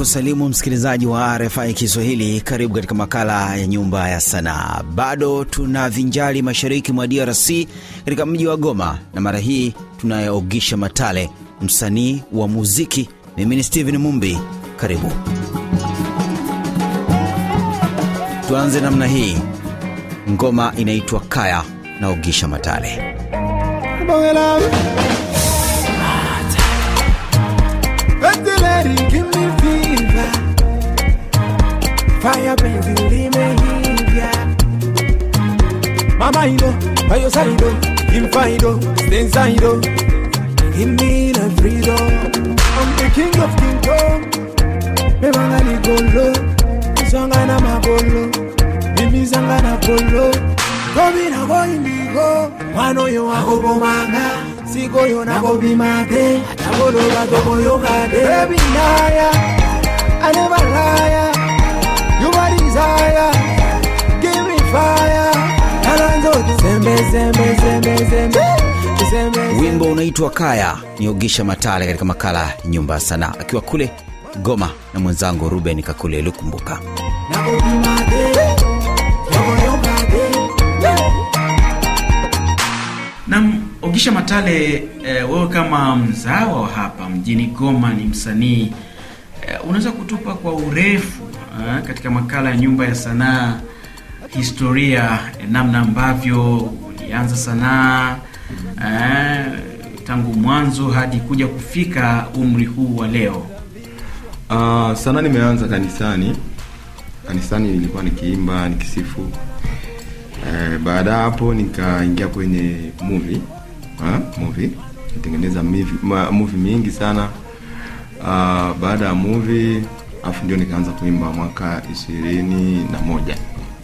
kusalimu msikilizaji wa RFI Kiswahili. Karibu katika makala ya nyumba ya sanaa. Bado tuna vinjali mashariki mwa DRC katika mji wa Goma, na mara hii tunayeogisha Matale, msanii wa muziki. Mimi ni stehen Mumbi, karibu tuanze namna hii. Ngoma inaitwa Kaya na Ogisha Matale. i by your side, oh, him find, oh, stay inside, oh. Give me the freedom. I'm the king of kingdom. Me mangani golo, sangana magolo, mimi sangana golo. Come na go indigo, mano yo ako bomanga, sigo yo na go bimate, chagolo ba tomo yo kade. Baby naya, I never liar, you my desire. Wimbo unaitwa Kaya ni Ogisha Matale katika makala Nyumba ya Sanaa akiwa kule Goma na mwenzangu Ruben Kakule Lukumbuka. Nam Ogisha Matale, eh, wewe kama mzawa hapa mjini Goma ni msanii, eh, unaweza kutupa kwa urefu eh, katika makala ya Nyumba ya Sanaa historia namna ambavyo ameanza sanaa eh, tangu mwanzo hadi kuja kufika umri huu wa leo? Uh, sanaa nimeanza kanisani. Kanisani nilikuwa nikiimba, nikisifu. Eh, baada hapo nikaingia kwenye movie. Ha? Movie. Nitengeneza movie, movie mingi sana. Uh, baada ya movie afu ndio nikaanza kuimba mwaka ishirini na moja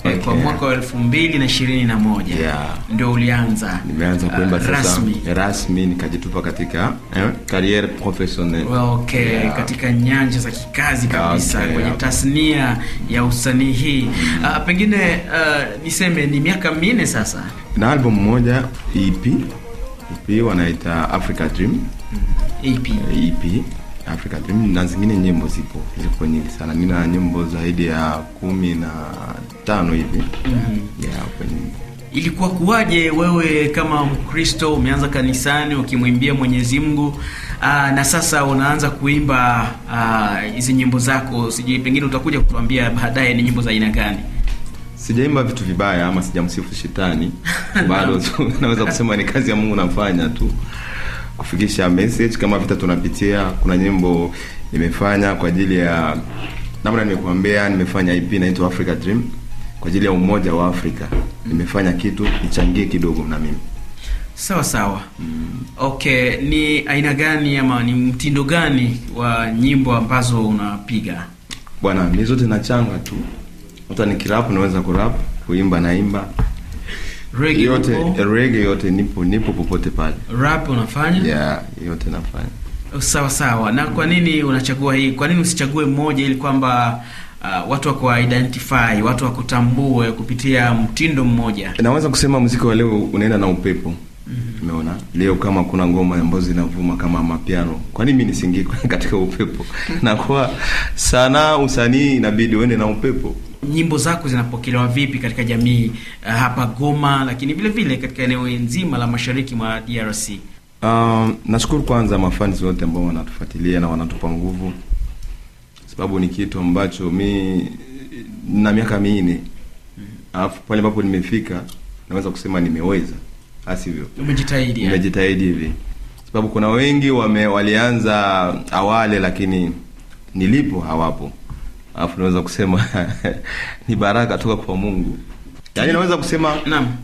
okay. Kwa mwaka wa elfu mbili na ishirini na moja yeah. Ndio ulianza? Nimeanza kuimba uh, rasmi, rasmi nikajitupa katika eh, kariere professionnel okay, yeah. Katika nyanja za kikazi kabisa okay, kwenye tasnia ya usanii hii mm. Uh, pengine uh, niseme ni miaka minne sasa na album moja EP, EP wanaita Africa Dream mm. EP. EP Afrika. Dream na zingine nyimbo zipo ziko nyingi sana. Nina nyimbo zaidi ya kumi na tano hivi mm -hmm. yeah, kwenye ilikuwa kuwaje wewe kama Mkristo umeanza kanisani ukimwimbia Mwenyezi Mungu ah, na sasa unaanza kuimba ah, hizi nyimbo zako? Sijui pengine utakuja kutuambia baadaye ni nyimbo za aina gani. Sijaimba vitu vibaya ama sijamsifu shetani bado tu naweza kusema ni kazi ya Mungu nafanya tu kufikisha message kama vita tunapitia. Kuna nyimbo nimefanya kwa ajili ya namna nimekuambia, nimefanya EP inaitwa Africa Dream kwa ajili ya umoja wa Afrika. Nimefanya kitu nichangie kidogo na mimi sawa sawa. Mm. Okay, ni aina gani ama ni mtindo gani wa nyimbo ambazo unapiga bwana? Mi zote nachanga tu, hata nikirap naweza kurap, kuimba naimba Reggae yote, Reggae yote nipo, nipo popote pale. Rap unafanya? Yeah, yote nafanya. Sawa sawa. Na kwa nini unachagua hii? Kwa nini usichague mmoja ili kwamba uh, watu wako identify, watu wakutambue kupitia mtindo mmoja? Naweza kusema muziki wa leo unaenda na upepo. Umeona leo kama kuna ngoma ambazo zinavuma kama mapiano, kwa nini mimi nisingie katika upepo? na kwa sanaa, usanii inabidi uende na upepo. Nyimbo zako zinapokelewa vipi katika jamii uh, hapa Goma, lakini vile vile katika eneo nzima la mashariki mwa DRC? Um, nashukuru kwanza mafans wote ambao wanatufuatilia na wanatupa nguvu, sababu ni kitu ambacho mi na miaka minne alafu pale ambapo nimefika naweza kusema nimeweza asivyo. Ah, umejitahidi, eh? umejitahidi hivi, sababu kuna wengi wame, walianza awale lakini nilipo hawapo, alafu naweza kusema ni baraka toka kwa Mungu. Yaani naweza kusema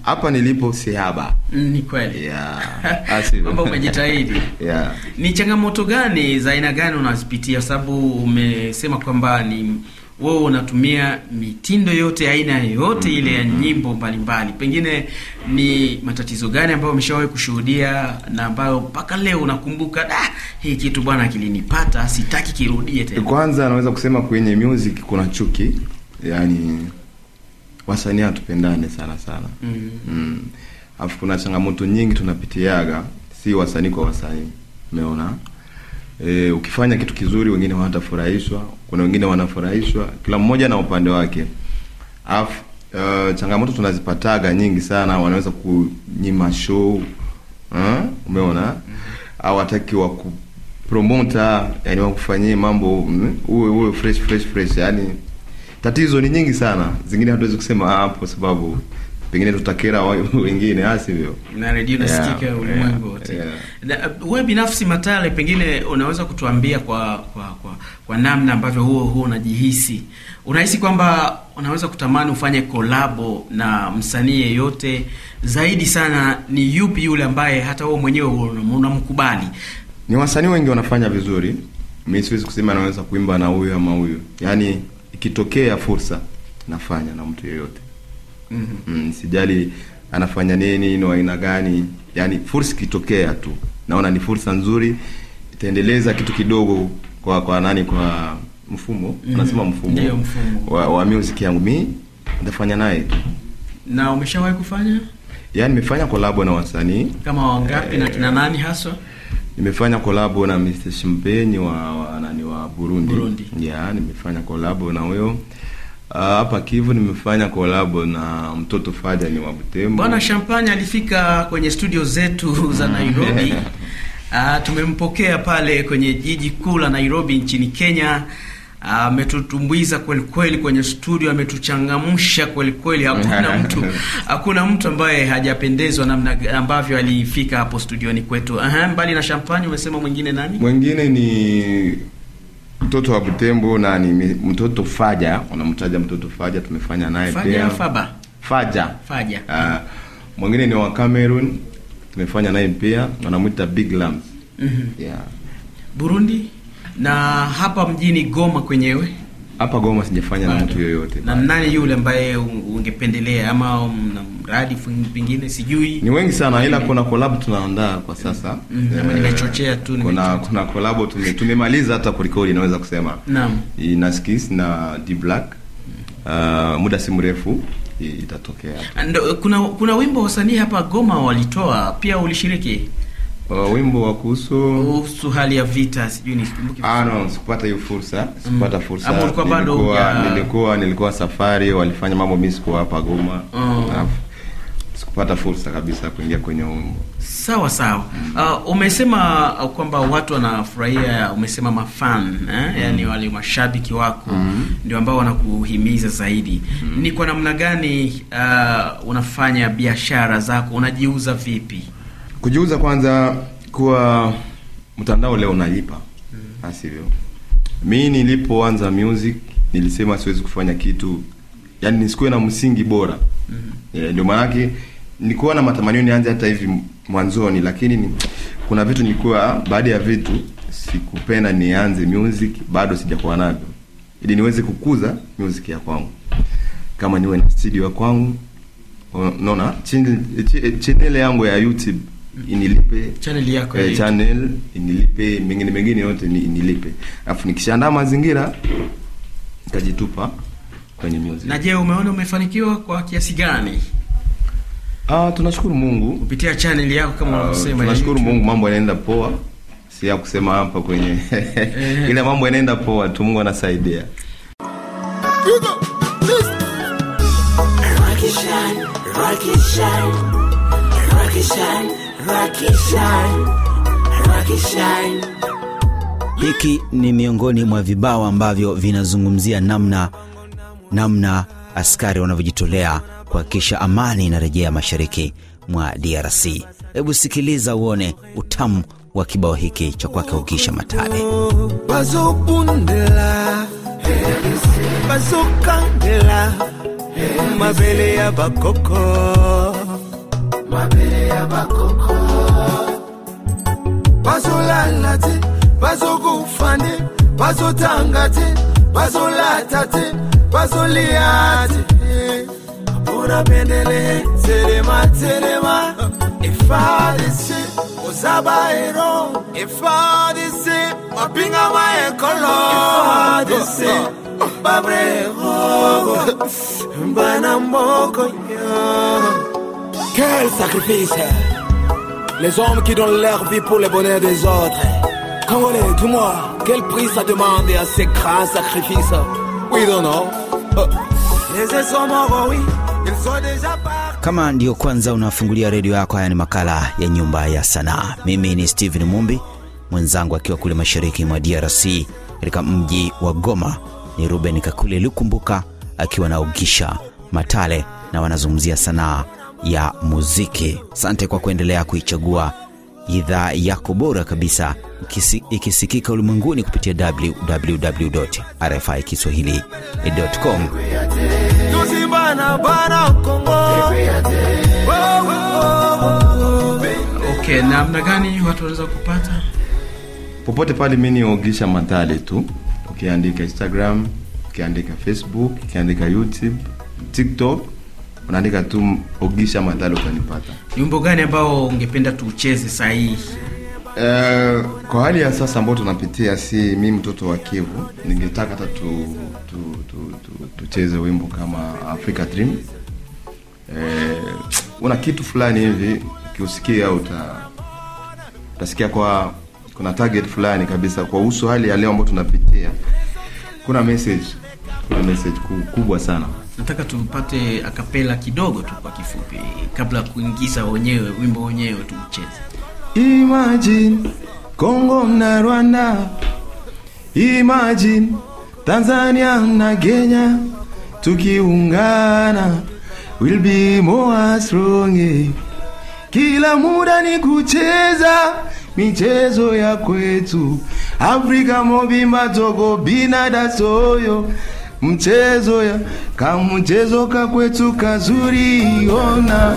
hapa nilipo si haba. Mm, ni kweli. Yeah. Kwamba umejitahidi. Yeah. Ni changamoto gani za aina gani unazipitia sababu umesema kwamba ni wewe unatumia mitindo yote aina yoyote mm -hmm. ile ya mm-hmm. nyimbo mbalimbali, pengine ni matatizo gani ambayo umeshawahi kushuhudia na ambayo mpaka leo unakumbuka, da, hii kitu bwana kilinipata, sitaki kirudie tena? Kwanza naweza kusema kwenye music kuna chuki, yani wasanii hatupendane sana sana mm-hmm. mm -hmm. mm. Afu kuna changamoto nyingi tunapitiaga, si wasanii kwa wasanii, umeona E, ukifanya kitu kizuri wengine watafurahishwa kuna wengine wanafurahishwa, kila mmoja na upande wake. Afu uh, eh, changamoto tunazipataga nyingi sana, wanaweza kunyima show uh, Umeona, mm-hmm. wataki wa kupromota, yani wakufanyie mambo mm, uwe uwe fresh fresh fresh, yani tatizo ni nyingi sana, zingine hatuwezi kusema hapo ah, kwa sababu pengine tutakera wengine, asivyo ah, na redio nasikika yeah, ulimwengu wote yeah. Wewe binafsi Matale, pengine unaweza kutuambia kwa kwa, kwa, kwa namna ambavyo huo huo unajihisi, unahisi kwamba unaweza kutamani ufanye kolabo na msanii yeyote zaidi sana, ni yupi yule ambaye hata wewe mwenyewe unamkubali? Ni wasanii wengi wanafanya vizuri, mi siwezi kusema naweza kuimba na huyu ama huyu, yaani ikitokea fursa nafanya na mtu yeyote mm -hmm. mm, sijali anafanya nini ni aina gani, yani fursa ikitokea tu naona ni fursa nzuri, itaendeleza kitu kidogo kwa kwa nani kwa mfumo mm -hmm. anasema mfumo, ndio mfumo wa, wa music yangu mi nitafanya naye tu. Na umeshawahi kufanya? Yani nimefanya kolabo na wasanii kama wangapi? Eh, na kina eh, nani haswa? Nimefanya kolabo na Mr. Shimpeni wa, wa nani wa Burundi, Burundi. Yeah, nimefanya kolabo na huyo Ah, hapa Kivu nimefanya kolabo na mtoto Fadhali wa Butembo. Bwana Champagne alifika kwenye studio zetu za Nairobi. Uh, tumempokea pale kwenye jiji kuu la Nairobi nchini Kenya. Ah, ametutumbuiza uh, kweli kweli kwenye studio, ametuchangamsha kweli kweli. Hakuna mtu hakuna mtu ambaye hajapendezwa namna ambavyo alifika hapo studioni kwetu. Aha, mbali na Champagne umesema mwingine nani? Mwingine ni mtoto wa Butembo na ni mtoto Faja, unamtaja mtoto Faja, tumefanya naye pia Faja Faja, Faja. Uh, mwingine ni wa Cameroon tumefanya naye pia, wanamwita Big Lamb. mm -hmm. yeah. Burundi na hapa mjini Goma kwenyewe hapa Goma sijafanya na mtu yoyote. Na nani yule ambaye ungependelea ama na mradi pengine sijui? Ni wengi sana ila kuna collab tunaandaa kwa sasa. Mm, eh, nimechochea tu Kuna kuna collab tume, tumemaliza hata kurekodi naweza kusema. Naam. Inaskis na D Black. Uh, muda si mrefu itatokea. Kuna kuna wimbo wasanii hapa Goma walitoa pia ulishiriki? Uh, wimbo wa kuhusu kuhusu hali ya vita, sijui nikumbuke. Ah, no, sikupata hiyo fursa, sikupata mm. fursa. Hapo nilikuwa, bado nilikuwa, nilikuwa nilikuwa safari, walifanya mambo, mimi sikuwa hapa Goma. Mm. Sikupata fursa kabisa kuingia kwenye wimbo. Sawa sawa. Mm. Uh, umesema uh, kwamba watu wanafurahia, umesema mafan eh? Mm. Yaani wale mashabiki wako mm. ndio ambao wanakuhimiza zaidi. Mm. Ni kwa namna gani uh, unafanya biashara zako, unajiuza vipi? kujiuza kwanza kuwa mtandao leo unalipa mm. Mm-hmm. Ah, sivyo? Mi nilipoanza music nilisema siwezi kufanya kitu yani nisikuwe na msingi bora mm. Mm-hmm. Yeah, ndio maanake nilikuwa na matamanio nianze hata hivi mwanzoni, lakini ni, kuna vitu nilikuwa baada ya vitu sikupenda nianze music, bado sijakuwa navyo, ili niweze kukuza music ya kwangu, kama niwe na studio ya kwangu, unaona channel eh, yangu ya YouTube inilipe channel yako eh, channel inilipe, mengine mengine yote ni inilipe, alafu nikishaandaa mazingira nitajitupa kwenye music. Na je, umeona umefanikiwa kwa kiasi gani? Ah, tunashukuru Mungu kupitia channel yako kama ah, unavyosema. Tunashukuru Mungu, mambo yanaenda poa, si ya kusema hapa kwenye eh. ile mambo yanaenda poa tu, Mungu anasaidia. Rocky shine, Rocky shine, Rocky shine. Lucky Shine, Shine. Hiki ni miongoni mwa vibao ambavyo vinazungumzia namna namna askari wanavyojitolea kuhakikisha amani inarejea mashariki mwa DRC. Hebu sikiliza uone utamu wa kibao hiki cha kwake Ukisha Matale. mabele ya bakoko mabele ya bakoko bazolala te bazokufa nde bazotanga te bazolata te bazolia te mpona pendele telema telema efadese oza baero efadese mabingama ekolo efadese babrero bana moko yo Quel sacrifice Les hommes qui donnent leur vie pour le bonheur des autres. Congolais, dis-moi, quel prix ça demande à ces grands sacrifices We don't know. Kama ndiyo kwanza unafungulia redio yako, haya ni makala ya Nyumba ya Sanaa. Mimi ni Steven Mumbi, mwenzangu akiwa kule mashariki mwa DRC katika mji wa Goma ni Ruben Kakule Lukumbuka akiwa na Ugisha Matale, na wanazungumzia sanaa ya muziki. Asante kwa kuendelea kuichagua idhaa yako bora kabisa ikisikika ulimwenguni kupitia www RFI Kiswahili.com. Okay, namna gani watu wanaweza kupata popote pale? Mi niogisha Matale tu, ukiandika Instagram, ukiandika Facebook, ukiandika YouTube, TikTok unaandika tu Ogisha Madhalo utanipata. Ni wimbo gani ambao ungependa tuucheze saa hii? Uh, eh, kwa hali ya sasa ambao tunapitia, si mi mtoto wa Kivu, ningetaka hata tucheze tu, tu, tu, tu wimbo kama Africa Dream. Uh, una kitu fulani hivi ukiusikia uta, utasikia kwa kuna target fulani kabisa kwa uhusu hali ya leo ambao tunapitia, kuna message, kuna message kubwa sana nataka tupate akapela kidogo tu kwa kifupi, kabla ya kuingiza wenyewe wimbo wenyewe tuucheze. Imagine congo na Rwanda, imagine Tanzania na Kenya tukiungana will be more strong. Kila muda ni kucheza michezo ya kwetu Afrika mobimba binada soyo mchezo ya kama mchezo ka kwetu kazuri ona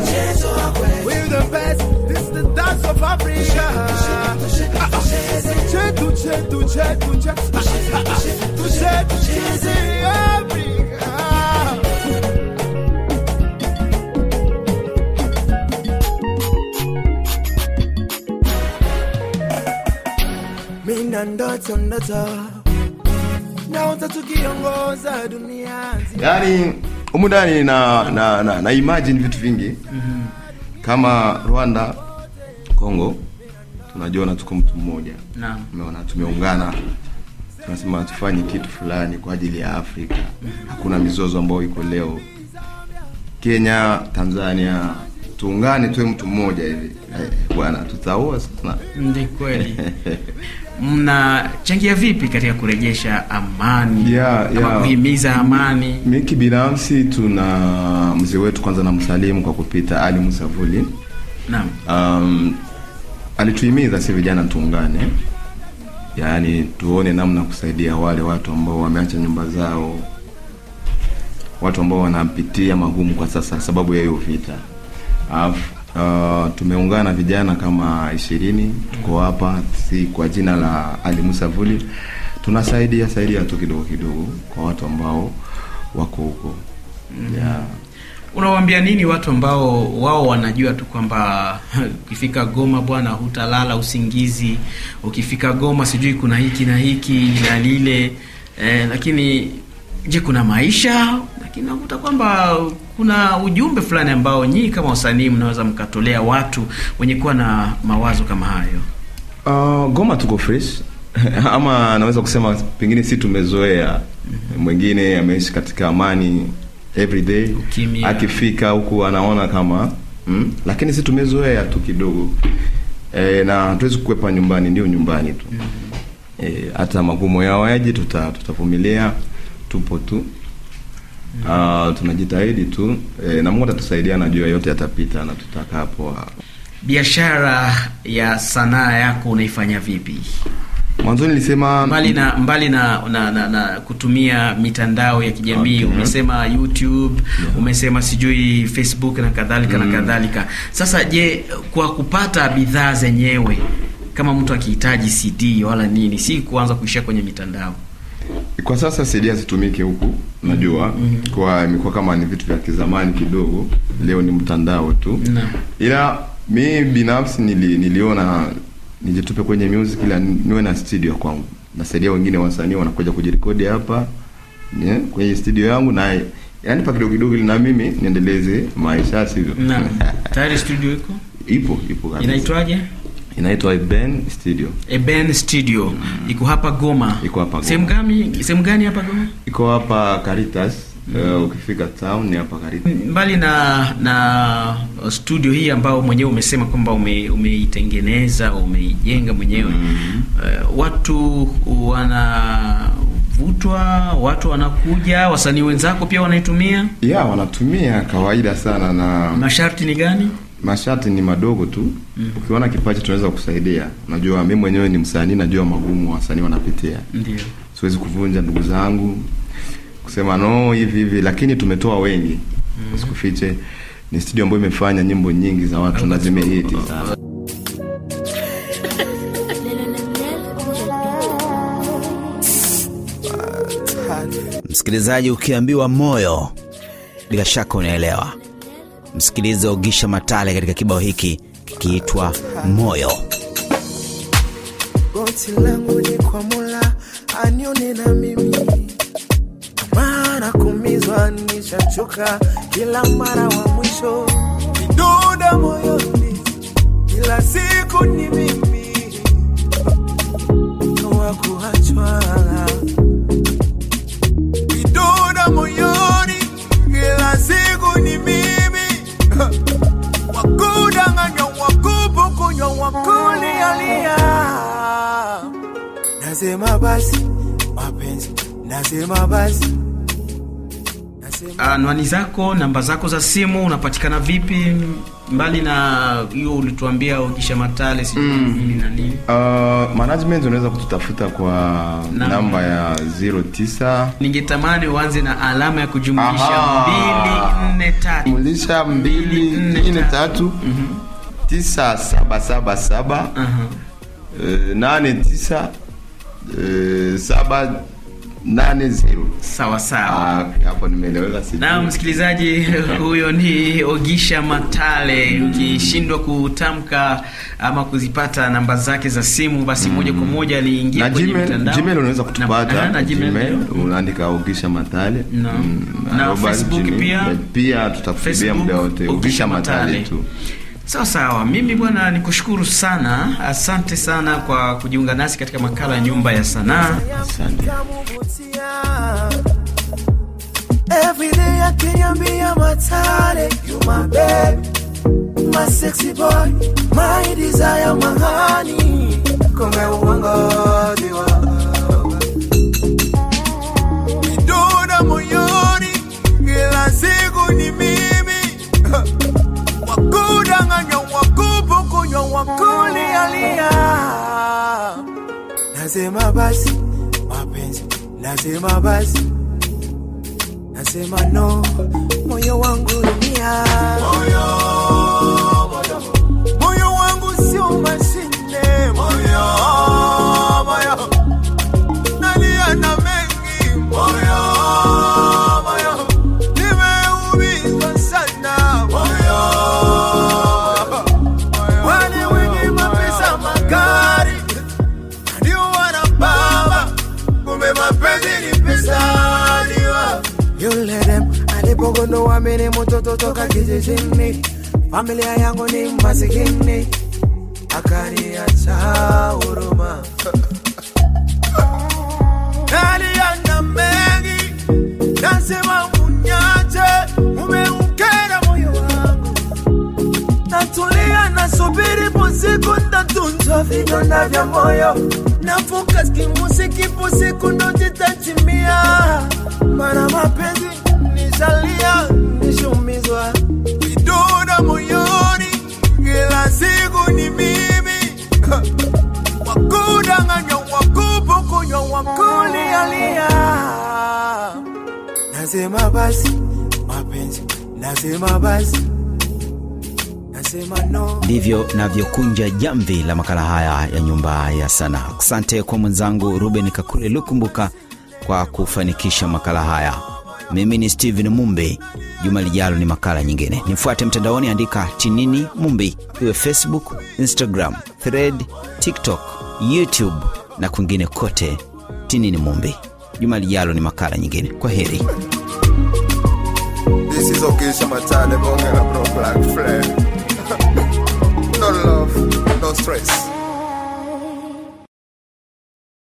Mina ndoto ndoto tutaota tukiongoza dunia nzima. Yani humu ndani na, na, na, na imagine vitu vingi mm -hmm. kama Rwanda, Kongo tunajiona tuko mtu mmoja, naam, umeona tumeungana tunasema tufanye kitu fulani kwa ajili ya Afrika. Hakuna mizozo ambayo iko leo Kenya, Tanzania, tuungane tuwe mtu mmoja hivi eh, bwana, tutaoa sana. Ndio kweli mnachangia vipi katika kurejesha amani yeah, ama yeah, kuhimiza amani? miki kibinafsi, tuna mzee wetu kwanza namsalimu kwa kupita Ali Musavuli. Naam. Um, alituhimiza si vijana tuungane, yaani tuone namna kusaidia wale watu ambao wameacha nyumba zao, watu ambao wanapitia magumu kwa sasa sababu ya hiyo vita, alafu Uh, tumeungana vijana kama ishirini tuko hapa, si kwa jina la Ali Musa Vuli. Tunasaidia saidia tu kidogo kidogo kwa watu ambao wako huko mm. yeah. Unawaambia nini watu ambao wao wanajua tu kwamba ukifika Goma bwana, hutalala usingizi, ukifika Goma sijui kuna hiki na hiki na lile eh, lakini je, kuna maisha, lakini nakuta kwamba kuna ujumbe fulani ambao nyinyi kama wasanii mnaweza mkatolea watu wenye kuwa na mawazo kama hayo? Uh, Goma tuko fresh ama naweza kusema pengine si tumezoea. Mhm. Mwingine ameishi katika amani everyday, akifika huku anaona kama mm, lakini si tumezoea tu kidogo e, na tuwezi kukwepa, nyumbani ndio nyumbani tu mhm. e, hata e, magumu yaje, tutavumilia, tuta tupo tu Uh, tunajitahidi tu e, na Mungu atatusaidia, najua yote yatapita na hapo. Biashara ya sanaa yako unaifanya vipi? Mwanzo nilisema mbali na mbali na, na, na, na kutumia mitandao ya kijamii okay. Umesema YouTube yeah. Umesema sijui Facebook na kadhalika mm. na kadhalika. Sasa je, kwa kupata bidhaa zenyewe kama mtu akihitaji CD wala nini, si kuanza kuishia kwenye mitandao? Kwa sasa CD hazitumiki huku najua mm -hmm. kwa imekuwa kama ni vitu vya kizamani kidogo, leo ni mtandao tu no. Ila mi binafsi nili, niliona nijitupe kwenye music, ila niwe na studio kwangu, nasaidia wengine wasanii wanakuja kujirekodi hapa yeah, kwenye studio yangu na yani pa kidogo kidogo, na mimi niendeleze maisha, sivyo? Naam, tayari studio iko ipo ipo kabisa. Inaitwaje? Inaitwa Eben Studio. Eben Studio. Mm. Iko hapa Goma. Iko hapa Goma. Sehemu gani? Sehemu gani hapa Goma? Iko hapa Caritas. Mm. Uh, ukifika town ni hapa Caritas. Mbali na na studio hii ambayo mwenyewe umesema kwamba ume, umeitengeneza umeijenga mwenyewe mm. Uh, watu wana vutwa watu wanakuja, wasanii wenzako pia wanaitumia? Yeah, wanatumia kawaida sana. Na masharti ni gani? mashati ni madogo tu mm. Ukiona kipaji tunaweza kusaidia. Najua mimi mwenyewe ni msanii, najua magumu wasanii wanapitia, ndio siwezi kuvunja ndugu zangu kusema no hivi hivi, lakini tumetoa wengi mm. Usikufiche, ni studio ambayo imefanya nyimbo nyingi za watu na zimehiti sana. Msikilizaji, ukiambiwa moyo bila shaka unaelewa. Msikilize Ogisha Matale katika kibao hiki kikiitwa Moyo. Goti langu ni kwa mula anione na mimi, mara kumizwa nishachoka, kila mara wa mwisho kidoda moyoni, kila siku ni mimi basi mapenzi, nasema basi. Ah, anwani zako, namba zako za simu, unapatikana vipi? Mbali na hiyo ulituambia Ogisha Matale, sijui mm. nini na nini. Uh, management unaweza kututafuta kwa na namba ya 09. Ningetamani uanze na alama ya kujumlisha 243. Kujumlisha 243 977 7 8 9 Eh, saba nane zero. Sawa sawa, ah, hapo nimeeleweka. Na msikilizaji huyo ni Ogisha Matale. Ukishindwa kutamka ama kuzipata namba zake za simu, basi moja kwa mm. moja aliingia kwenye mtandao. Gmail unaweza kutupata na Gmail unaandika Ogisha Matale mm, na, na Facebook pia pia tutakufikia muda wote Ogisha Matale tu. Sawa sawa, mimi bwana nikushukuru sana, asante sana kwa kujiunga nasi katika makala ya Nyumba ya Sanaa. Asante. wa nasema basi mapenzi, nasema basi, nasema no, moyo wangu mimi ni mtoto toka kijijini, familia yangu ni masikini, akaniacha huruma nasubiri pusiku, ndatunza vidonda vya moyo nafuka kimusiki, pusiku ndo titachimia, mana mapenzi nitalia nishumizwa moyoni, kila siku ni mimi wakulialia. Nasema basi mapenzi, nasema basi ndivyo navyokunja jamvi la makala haya ya Nyumba ya Sanaa. Asante kwa mwenzangu Ruben Kakule Lukumbuka kwa kufanikisha makala haya. Mimi ni Steven Mumbi. Juma lijalo ni makala nyingine. Nifuate mtandaoni, andika tinini Mumbi, iwe Facebook, Instagram, Thread, TikTok, YouTube na kwingine kote, tinini Mumbi. Juma lijalo ni makala nyingine. Kwa heri. This is okay, black no love, no stress.